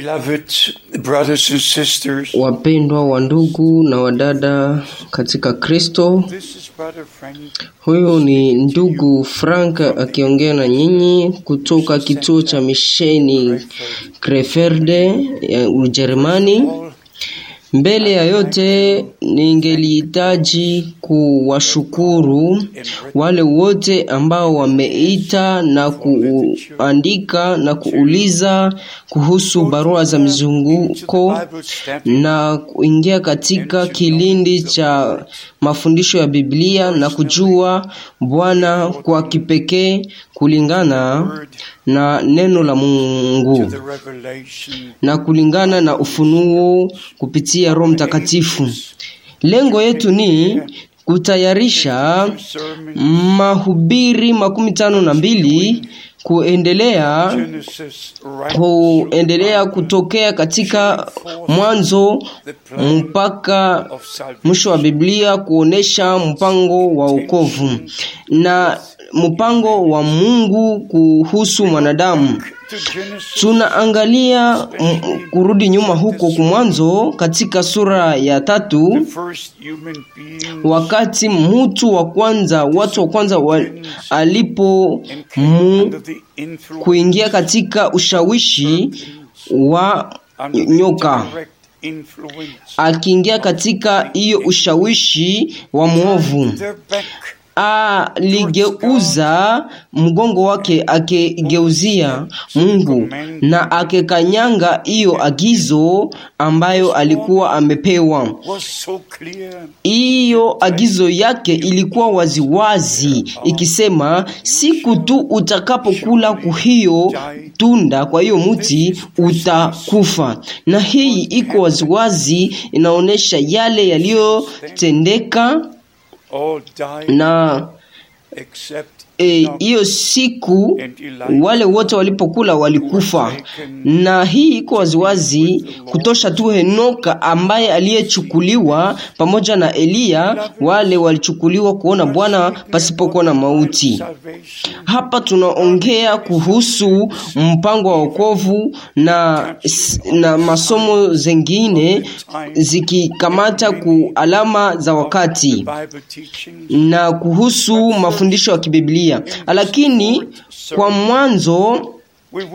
Beloved brothers and sisters, wapendwa wa ndugu na wadada katika Kristo, huyu ni ndugu Frank akiongea na nyinyi kutoka kituo cha misheni greferde ya eh, Ujerumani. Mbele ya yote, ningelihitaji kuwashukuru wale wote ambao wameita na kuandika na kuuliza kuhusu barua za mzunguko na kuingia katika kilindi cha mafundisho ya Biblia na kujua Bwana kwa kipekee kulingana na neno la Mungu na kulingana na ufunuo kupitia Roho Mtakatifu. Lengo yetu ni kutayarisha mahubiri makumi tano na mbili kuendelea kuendelea kutokea katika mwanzo mpaka mwisho wa Biblia kuonesha mpango wa wokovu na mpango wa Mungu kuhusu mwanadamu. Tunaangalia mm, kurudi nyuma huko kumwanzo katika sura ya tatu, wakati mtu wa kwanza, watu wa kwanza wa, alipo mu, kuingia katika ushawishi wa nyoka akiingia katika hiyo ushawishi wa mwovu aligeuza ah, mgongo wake akigeuzia Mungu na akikanyanga hiyo agizo ambayo alikuwa amepewa. Hiyo agizo yake ilikuwa waziwazi ikisema, siku tu utakapokula kuhiyo tunda kwa hiyo mti utakufa. Na hii iko waziwazi, inaonyesha yale yaliyotendeka except. Eh, hiyo e, siku wale wote walipokula walikufa, na hii iko waziwazi kutosha tu. Henoka ambaye aliyechukuliwa pamoja na Eliya, wale walichukuliwa kuona Bwana pasipokuwa na mauti. Hapa tunaongea kuhusu mpango wa wokovu na, na masomo zengine zikikamata ku alama za wakati na kuhusu mafundisho ya kibiblia kusikia, lakini kwa mwanzo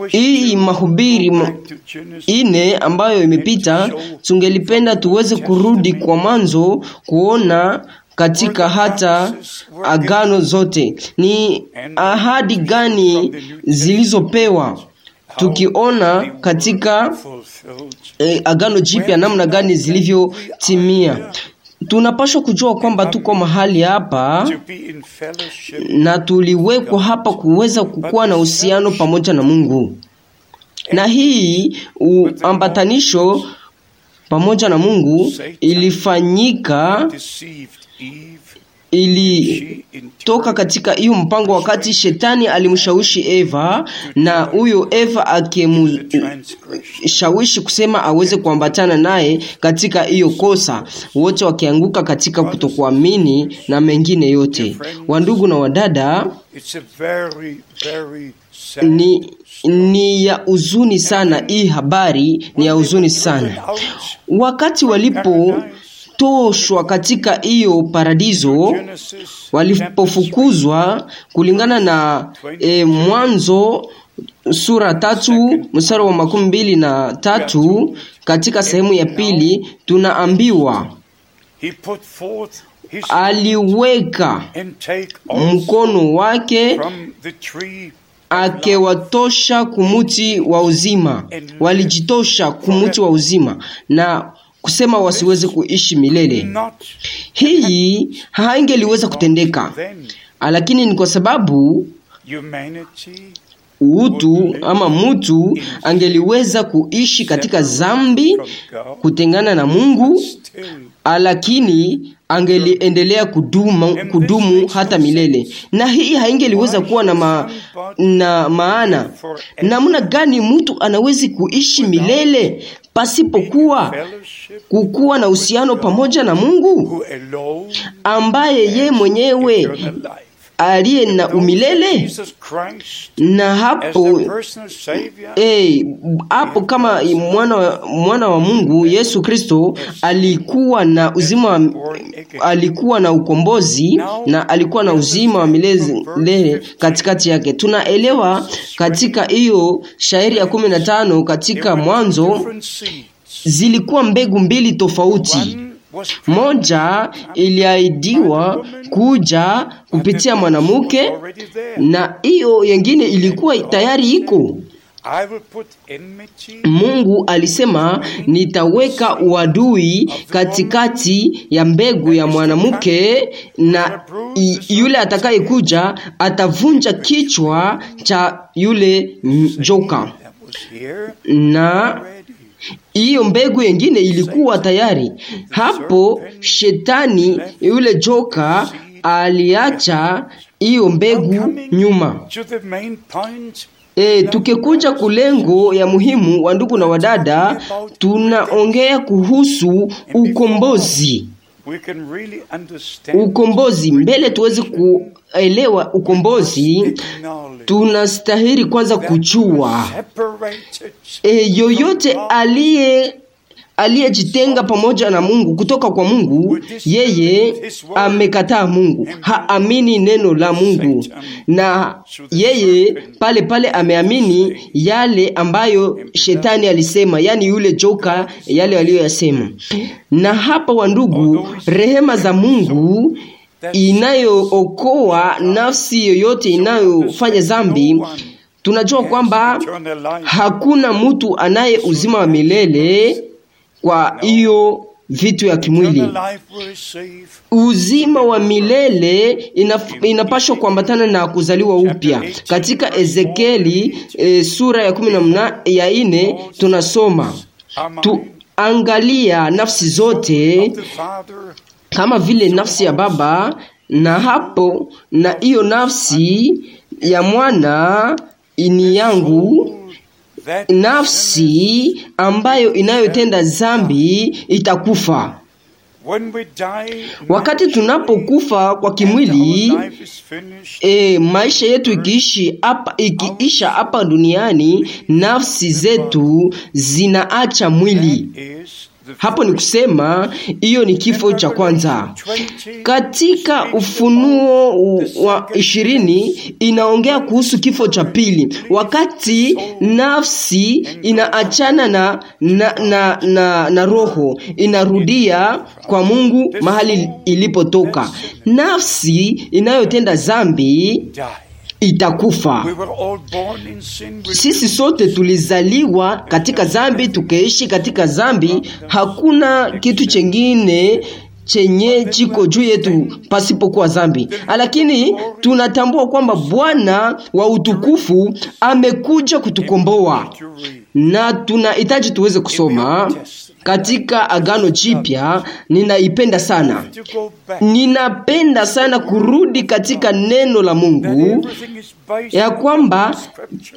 hii mahubiri ine ambayo imepita, tungelipenda tuweze kurudi kwa mwanzo kuona katika hata agano zote ni ahadi gani zilizopewa tukiona katika eh, agano jipya namna gani zilivyotimia tunapashwa kujua kwamba tuko mahali hapa na tuliwekwa hapa kuweza kukuwa na uhusiano pamoja na Mungu, na hii uambatanisho pamoja na Mungu ilifanyika ilitoka katika hiyo mpango wakati shetani alimshawishi Eva na huyo Eva akimshawishi kusema aweze kuambatana naye katika hiyo kosa, wote wakianguka katika kutokuamini na mengine yote. Wandugu na wadada, ni ni ya huzuni sana hii habari, ni ya huzuni sana wakati walipo wakatoshwa katika hiyo paradizo walipofukuzwa, kulingana na e, Mwanzo sura tatu msara wa makumi mbili na tatu. Katika sehemu ya pili tunaambiwa aliweka mkono wake akewatosha kumuti wa uzima, walijitosha kumuti wa uzima na kusema wasiweze kuishi milele. Hii haingeliweza kutendeka, lakini ni kwa sababu utu ama mutu angeliweza kuishi katika zambi, kutengana na Mungu, lakini angeliendelea kudumu, kudumu hata milele, na hii haingeliweza kuwa na, ma, na maana. Namna gani mtu anawezi kuishi milele pasipokuwa kukuwa na uhusiano pamoja na Mungu ambaye ye mwenyewe aliye na umilele, na hapo eh, hapo kama mwana, mwana wa Mungu Yesu Kristo alikuwa na uzima, alikuwa na ukombozi na alikuwa na uzima wa milele katikati yake. Tunaelewa katika hiyo shairi ya kumi na tano katika Mwanzo zilikuwa mbegu mbili tofauti moja iliahidiwa kuja kupitia mwanamke na hiyo yengine ilikuwa tayari iko. Mungu alisema nitaweka uadui katikati ya mbegu ya mwanamke na yule atakayekuja atavunja kichwa cha yule joka na hiyo mbegu yengine ilikuwa tayari hapo. Shetani yule joka aliacha hiyo mbegu nyuma. E, tukikuja kulengo ya muhimu wa ndugu na wadada, tunaongea kuhusu ukombozi ukombozi mbele, tuweze kuelewa ukombozi, tunastahili kwanza kujua e, yoyote aliye aliyejitenga pamoja na Mungu kutoka kwa Mungu, yeye amekataa Mungu, haamini neno la Mungu, na yeye pale pale ameamini yale ambayo shetani alisema, yani yule joka, yale aliyoyasema. Na hapa, wandugu, rehema za Mungu inayookoa nafsi yoyote inayofanya zambi tunajua kwamba hakuna mtu anaye uzima wa milele kwa hiyo vitu ya kimwili, uzima wa milele inapashwa kuambatana na kuzaliwa upya. Katika Ezekieli e, sura ya kumi na ya ine tunasoma tu angalia nafsi zote kama vile nafsi ya baba na hapo na hiyo nafsi ya mwana ni yangu nafsi ambayo inayotenda zambi itakufa. Wakati tunapokufa kwa kimwili, e, maisha yetu ikiishi hapa, ikiisha hapa duniani, nafsi zetu zinaacha mwili hapo ni kusema hiyo ni kifo cha kwanza. Katika Ufunuo wa ishirini inaongea kuhusu kifo cha pili, wakati nafsi inaachana na, na, na, na, na roho inarudia kwa Mungu mahali ilipotoka. Nafsi inayotenda zambi itakufa. Sisi sote tulizaliwa katika zambi, tukaishi katika zambi. Hakuna kitu chengine chenye chiko juu yetu pasipokuwa zambi, lakini tunatambua kwamba Bwana wa utukufu amekuja kutukomboa, na tunahitaji tuweze kusoma katika Agano Jipya ninaipenda sana. Ninapenda sana kurudi katika neno la Mungu ya kwamba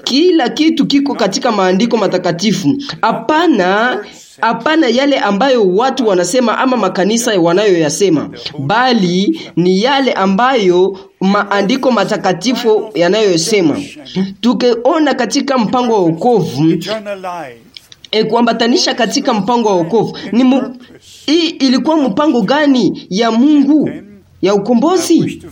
kila kitu kiko katika maandiko matakatifu. Hapana, hapana yale ambayo watu wanasema ama makanisa wanayoyasema, bali ni yale ambayo maandiko matakatifu yanayosema. tukeona katika mpango wa wokovu e, kuambatanisha katika mpango wa wokovu. Ni mu, i, ilikuwa mpango gani ya Mungu ya ukombozi?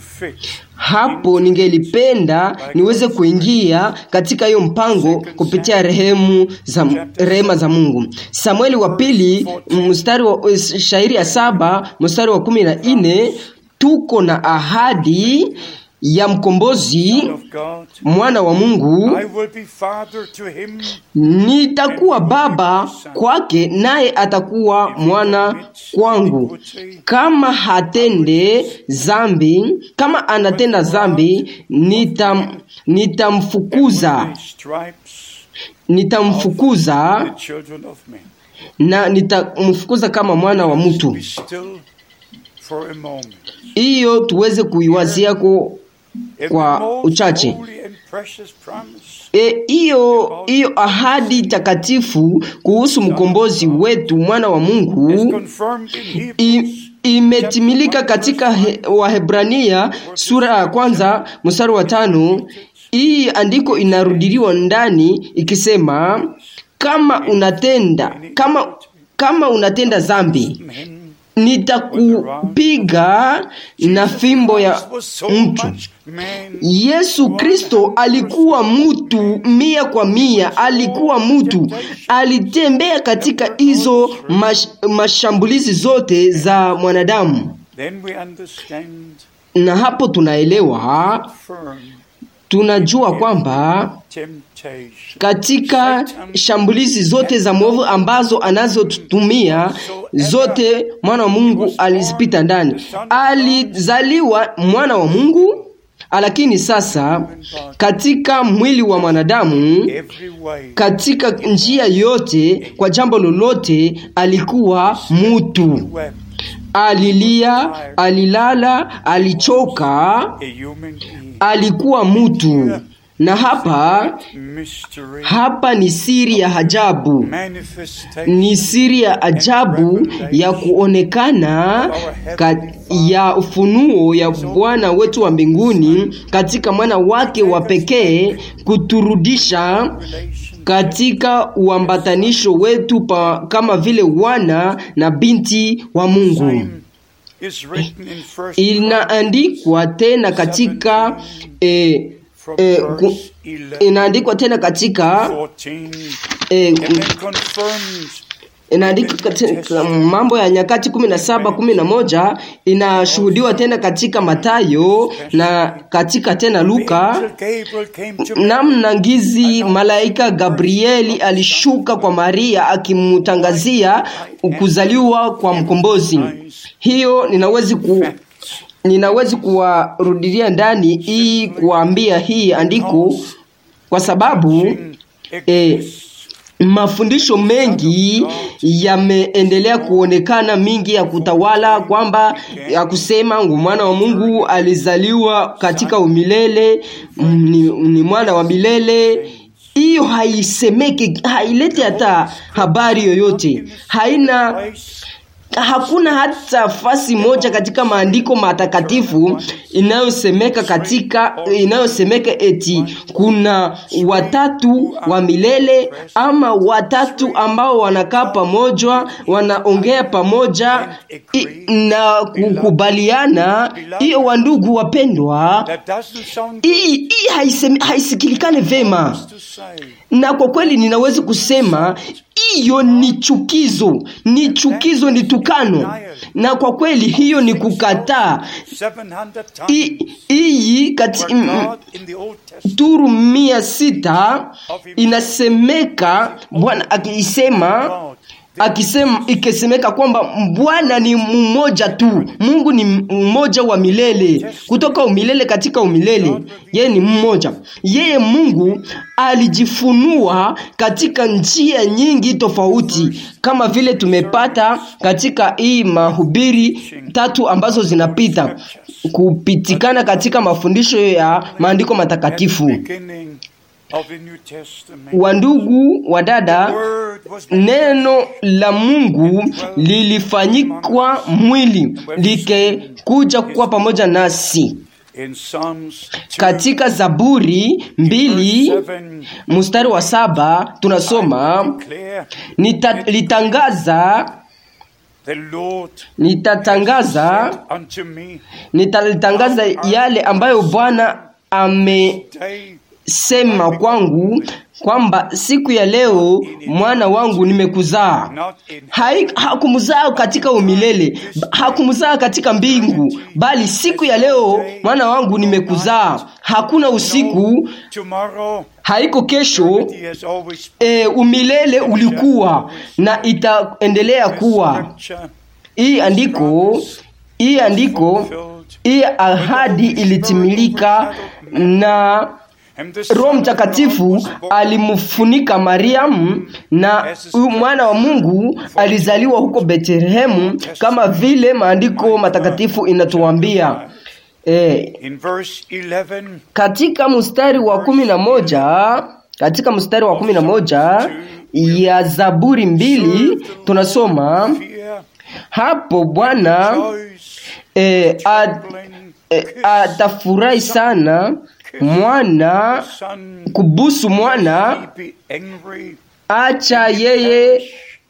Hapo ningelipenda niweze kuingia katika hiyo mpango kupitia rehemu za rehema za Mungu. Samueli wa pili mstari wa eh, shairi ya saba mstari wa kumi na nne tuko na ahadi ya mkombozi mwana wa Mungu, nitakuwa baba kwake naye atakuwa mwana kwangu. Kama hatende zambi, kama anatenda zambi, nitam, nitamfukuza nitamfukuza na nitamfukuza kama mwana wa mtu. Hiyo tuweze kuiwaziako kwa uchache e, hiyo e, hiyo ahadi takatifu kuhusu mkombozi wetu mwana wa Mungu imetimilika katika he, Wahebrania sura ya kwanza mstari wa tano. Hii andiko inarudiliwa ndani ikisema, kama unatenda kama kama unatenda zambi nitakupiga na fimbo ya mtu. Yesu Kristo alikuwa mutu mia kwa mia, alikuwa mutu, alitembea katika hizo mash, mashambulizi zote za mwanadamu, na hapo tunaelewa tunajua kwamba katika shambulizi zote za mwovu ambazo anazotumia zote, mwana wa Mungu alizipita ndani. Alizaliwa mwana wa Mungu, lakini sasa katika mwili wa mwanadamu, katika njia yote, kwa jambo lolote, alikuwa mutu Alilia, alilala, alichoka, alikuwa mtu na hapa hapa ni siri ya ajabu, ni siri ya ajabu ya kuonekana ka, ya ufunuo ya Bwana wetu wa mbinguni katika mwana wake wa pekee kuturudisha katika uambatanisho wetu pa, kama vile wana na binti wa Mungu. Eh, eh, inaandikwa tena katika eh, eh, inaandikwa tena katika eh, inaandika katika Mambo ya Nyakati kumi na saba kumi na moja inashuhudiwa tena katika Matayo na katika tena Luka, namna ngizi malaika Gabrieli alishuka kwa Maria akimtangazia kuzaliwa kwa mkombozi. Hiyo ninawezi ku ninawezi kuwarudilia ndani hii kuwaambia hii andiko kwa sababu eh, mafundisho mengi yameendelea kuonekana mingi ya kutawala kwamba ya kusema mwana wa Mungu alizaliwa katika umilele ni, ni mwana wa milele hiyo haisemeki haileti hata habari yoyote haina hakuna hata fasi moja katika maandiko matakatifu inayosemeka katika inayosemeka eti kuna watatu wa milele ama watatu ambao wanakaa pamoja wanaongea pamoja na kukubaliana hiyo wandugu wapendwa hii haisikilikane vema na kwa kweli ninaweza kusema hiyo ni chukizo ni chukizo ni tukizo mkano na kwa kweli hiyo ni kukataa kati mm, turu mia sita inasemeka bwana akisema akisema ikisemeka kwamba Bwana ni mmoja tu, Mungu ni mmoja wa milele, kutoka umilele katika umilele. Yeye ni mmoja. Yeye Mungu alijifunua katika njia nyingi tofauti, kama vile tumepata katika hii mahubiri tatu ambazo zinapita kupitikana katika mafundisho ya maandiko matakatifu. Wandugu wa dada, neno la Mungu lilifanyikwa mwili likekuja kuwa pamoja nasi. Katika Zaburi mbili mstari wa saba tunasoma Nita, litangaza nitatangaza nitalitangaza yale ambayo Bwana ame sema kwangu kwamba siku ya leo mwana wangu nimekuzaa. Hakumzaa katika umilele, hakumzaa katika mbingu, bali siku ya leo mwana wangu nimekuzaa. Hakuna usiku, haiko kesho. E, umilele ulikuwa na itaendelea kuwa. Hii andiko, hii andiko, hii ahadi ilitimilika na Roho Mtakatifu alimfunika Mariamu na mwana wa Mungu alizaliwa huko Betlehemu, kama vile maandiko matakatifu inatuambia. E, katika mstari wa kumi na moja katika mstari wa kumi na moja ya Zaburi mbili tunasoma hapo Bwana e, e atafurahi sana mwana kubusu mwana, acha yeye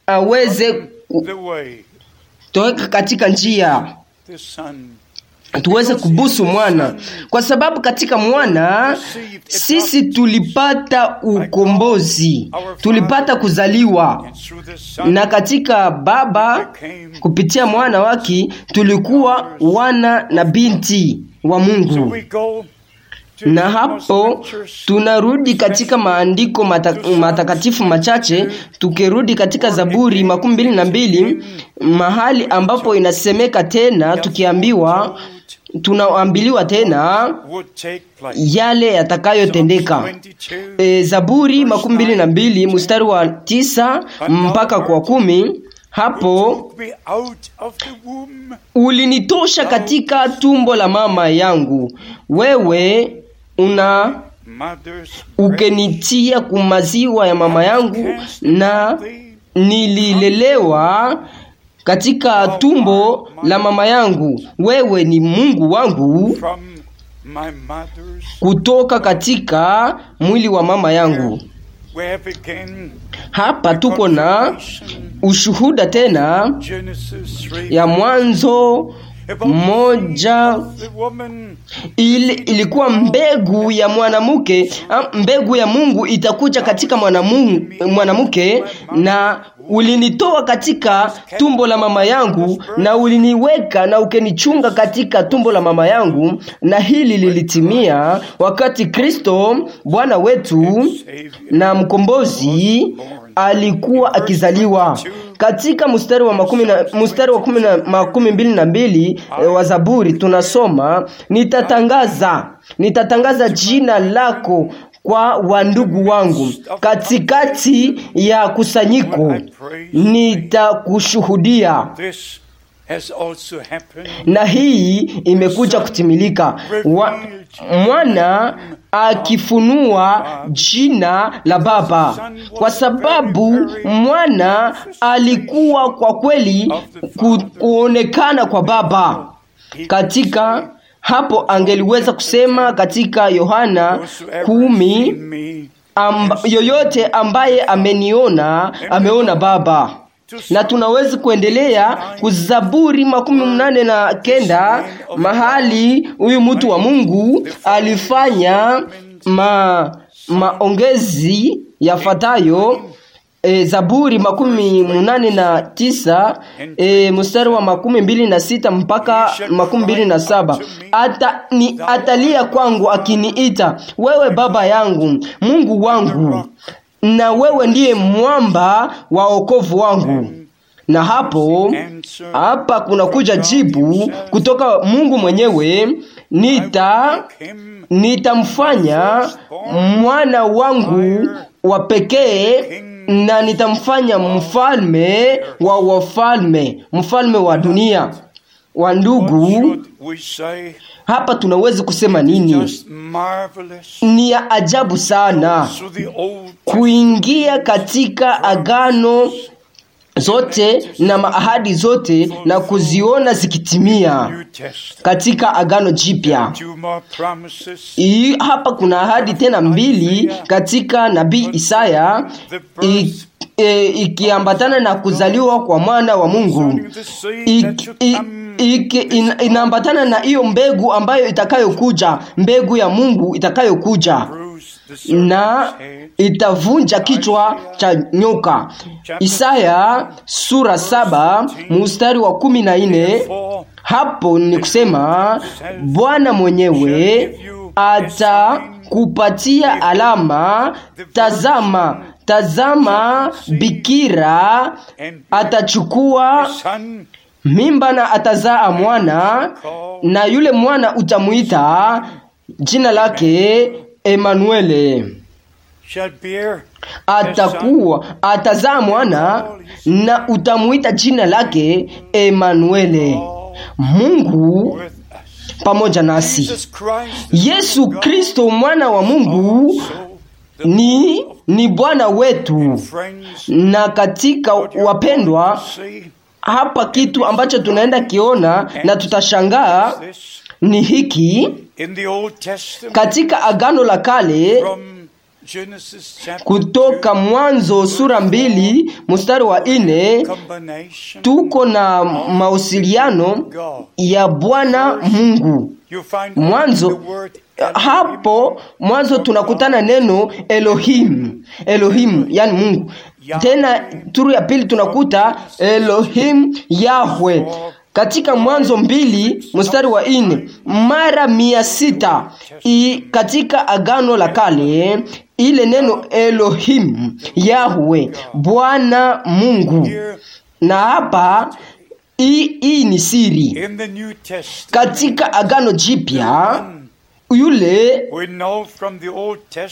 aweze kutoweka katika njia, tuweze kubusu mwana, kwa sababu katika mwana sisi tulipata ukombozi, tulipata kuzaliwa, na katika Baba kupitia mwana wake tulikuwa wana na binti wa Mungu. Na hapo tunarudi katika maandiko matakatifu machache, tukirudi katika Zaburi makumi mbili na mbili mahali ambapo inasemeka tena, tukiambiwa tunaambiliwa tena yale yatakayotendeka. E, Zaburi makumi mbili na mbili mstari wa tisa mpaka kwa kumi hapo ulinitosha katika tumbo la mama yangu, wewe una ukenitia kumaziwa ya mama yangu, na nililelewa katika tumbo la mama yangu. Wewe ni Mungu wangu kutoka katika mwili wa mama yangu. Hapa tuko na ushuhuda tena ya Mwanzo moja il, ilikuwa mbegu ya mwanamke ah, mbegu ya Mungu itakuja katika mwanamke na ulinitoa katika tumbo la mama yangu na uliniweka na ukenichunga katika tumbo la mama yangu, na hili lilitimia wakati Kristo Bwana wetu na mkombozi alikuwa akizaliwa. Katika mstari wa makumi na, mstari wa kumi na, makumi mbili na mbili e, wa Zaburi tunasoma nitatangaza, nitatangaza jina lako kwa wandugu wangu katikati ya kusanyiko, nitakushuhudia na hii imekuja kutimilika wa, mwana akifunua jina la Baba, kwa sababu mwana alikuwa kwa kweli kuonekana kwa Baba katika hapo angeliweza kusema katika Yohana kumi amba, yoyote ambaye ameniona ameona Baba na tunawezi kuendelea kuzaburi makumi mnane na kenda mahali huyu mtu wa Mungu alifanya ma, maongezi yafatayo e, Zaburi makumi munane na tisa e, mstari wa makumi mbili na sita mpaka makumi mbili na saba Ata, ni atalia kwangu akiniita, wewe baba yangu Mungu wangu na wewe ndiye mwamba wa wokovu wangu. Na hapo hapa kuja jibu kutoka Mungu mwenyewe, nita nitamfanya mwana wangu wa pekee na nitamfanya mfalme wa wafalme, mfalme wa dunia. Wa ndugu, hapa tunawezi kusema nini ni ya ajabu sana kuingia katika agano zote na maahadi zote na kuziona zikitimia katika agano jipya hapa kuna ahadi tena mbili katika nabii isaya e, ikiambatana na kuzaliwa kwa mwana wa mungu I, I, in, inaambatana na hiyo mbegu ambayo itakayokuja, mbegu ya Mungu itakayokuja na itavunja kichwa cha nyoka. Isaya sura saba mustari wa kumi na nne. Hapo ni kusema Bwana mwenyewe atakupatia alama, tazama tazama, bikira atachukua mimba na atazaa mwana, na yule mwana utamuita jina lake Emanuele. Atakuwa atazaa mwana na utamuita jina lake Emanuele, Mungu pamoja nasi. Yesu Kristo mwana wa Mungu ni, ni Bwana wetu. Na katika wapendwa hapa kitu ambacho tunaenda kiona na tutashangaa ni hiki katika Agano la Kale kutoka Mwanzo sura mbili mstari wa ine tuko na mawasiliano ya Bwana Mungu. Mwanzo hapo mwanzo tunakutana neno Elohim, Elohim yani Mungu tena turu ya pili tunakuta Elohim Yahwe katika Mwanzo mbili mstari wa ine mara mia sita I, katika Agano la Kale ile neno Elohim Yahwe, Bwana Mungu, na hapa hii ni siri katika Agano Jipya yule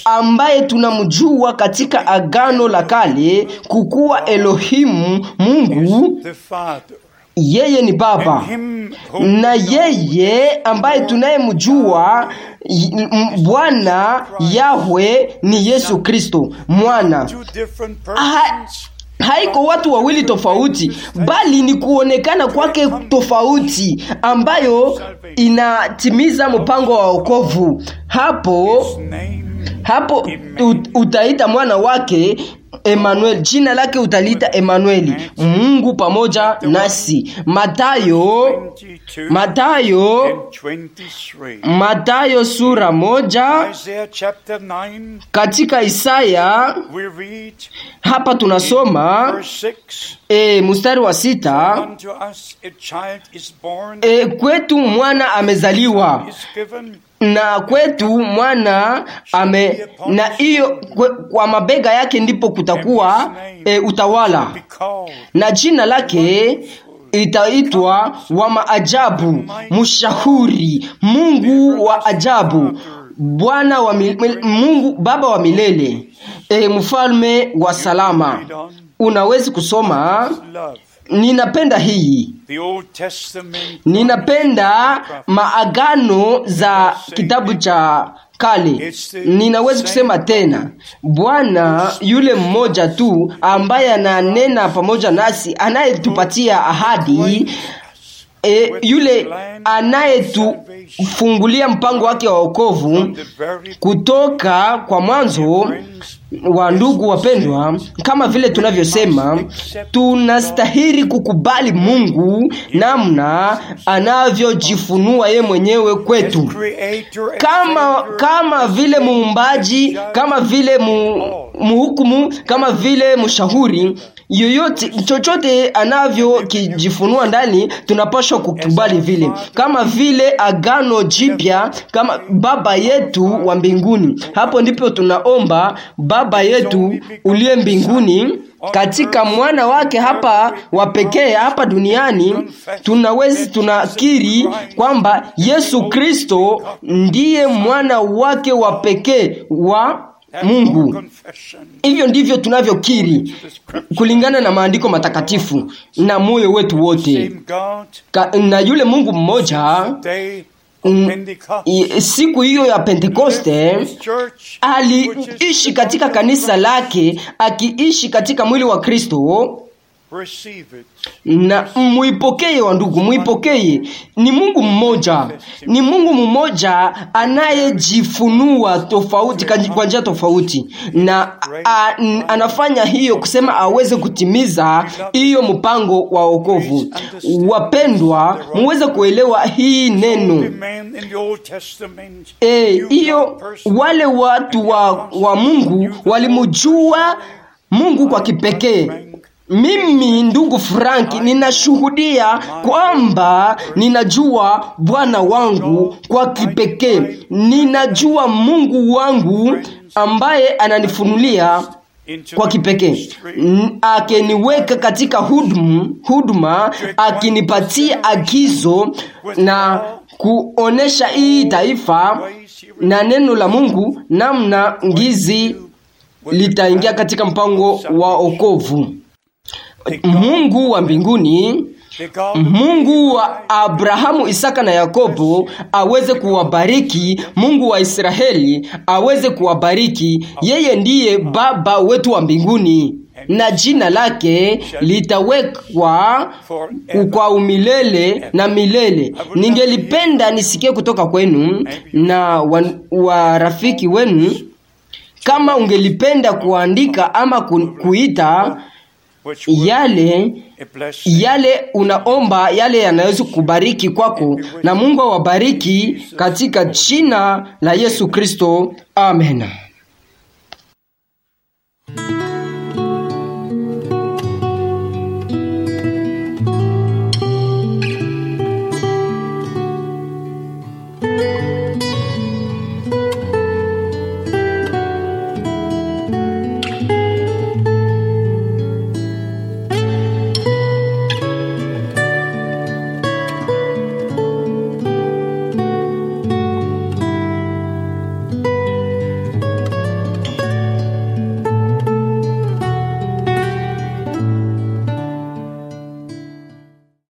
ambaye tunamjua katika Agano la Kale kukuwa Elohimu Mungu yeye ni Baba na yeye ambaye tunayemjua Bwana Yahwe ni Yesu Kristo mwana ha ah, haiko watu wawili tofauti, bali ni kuonekana kwake tofauti ambayo inatimiza mpango wa wokovu. Hapo hapo utaita mwana wake Emmanuel, jina lake utalita Emanueli, Mungu pamoja nasi. Matayo, Matayo, Matayo sura moja. Katika Isaya hapa tunasoma e, mstari wa sita e, kwetu mwana amezaliwa na kwetu mwana ame na hiyo kwa mabega yake ndipo kutakuwa e, utawala na jina lake itaitwa wa maajabu, mshauri, Mungu wa ajabu, Bwana wa mil, Mungu Baba wa milele, e, mfalme wa salama. Unawezi kusoma ninapenda hii ninapenda maagano za kitabu cha kale ninawezi kusema tena bwana yule mmoja tu ambaye ananena pamoja nasi anayetupatia ahadi e, yule anayetufungulia mpango wake wa wokovu kutoka kwa mwanzo wa ndugu wapendwa, kama vile tunavyosema, tunastahili kukubali Mungu namna anavyojifunua ye mwenyewe kwetu, kama kama vile muumbaji, kama vile mu, muhukumu, kama vile mshauri yoyote chochote anavyokijifunua ndani tunapaswa kukubali vile kama vile agano jipya kama baba yetu wa mbinguni hapo ndipo tunaomba baba yetu uliye mbinguni katika mwana wake hapa wa pekee hapa duniani tunawezi tunakiri kwamba yesu kristo ndiye mwana wake wa pekee wa Mungu. Hivyo ndivyo tunavyokiri kulingana na maandiko matakatifu na moyo wetu wote Ka, na yule Mungu mmoja mm, siku hiyo ya Pentekoste aliishi katika kanisa lake akiishi katika mwili wa Kristo na mwipokee wa ndugu, mwipokee Ni Mungu mmoja, ni Mungu mmoja anayejifunua tofauti kwa njia tofauti, na a, n, anafanya hiyo kusema aweze kutimiza hiyo mpango wa wokovu. Wapendwa, muweze kuelewa hii neno e, hiyo. E, wale watu wa, wa Mungu walimjua Mungu kwa kipekee mimi ndugu Franki ninashuhudia kwamba ninajua Bwana wangu kwa kipekee, ninajua Mungu wangu ambaye ananifunulia kwa kipekee, akiniweka katika hudumu, huduma, akinipatia agizo na kuonesha hii taifa na neno la Mungu namna ngizi litaingia katika mpango wa okovu. Mungu wa mbinguni, Mungu wa Abrahamu, Isaka na Yakobo aweze kuwabariki, Mungu wa Israeli aweze kuwabariki. Yeye ndiye Baba wetu wa mbinguni na jina lake litawekwa kwa umilele na milele. Ningelipenda nisikie kutoka kwenu na warafiki wa wenu, kama ungelipenda kuandika ama kuita yale yale unaomba yale yanaweza kubariki kwako, na Mungu awabariki katika jina la Yesu Kristo, amen.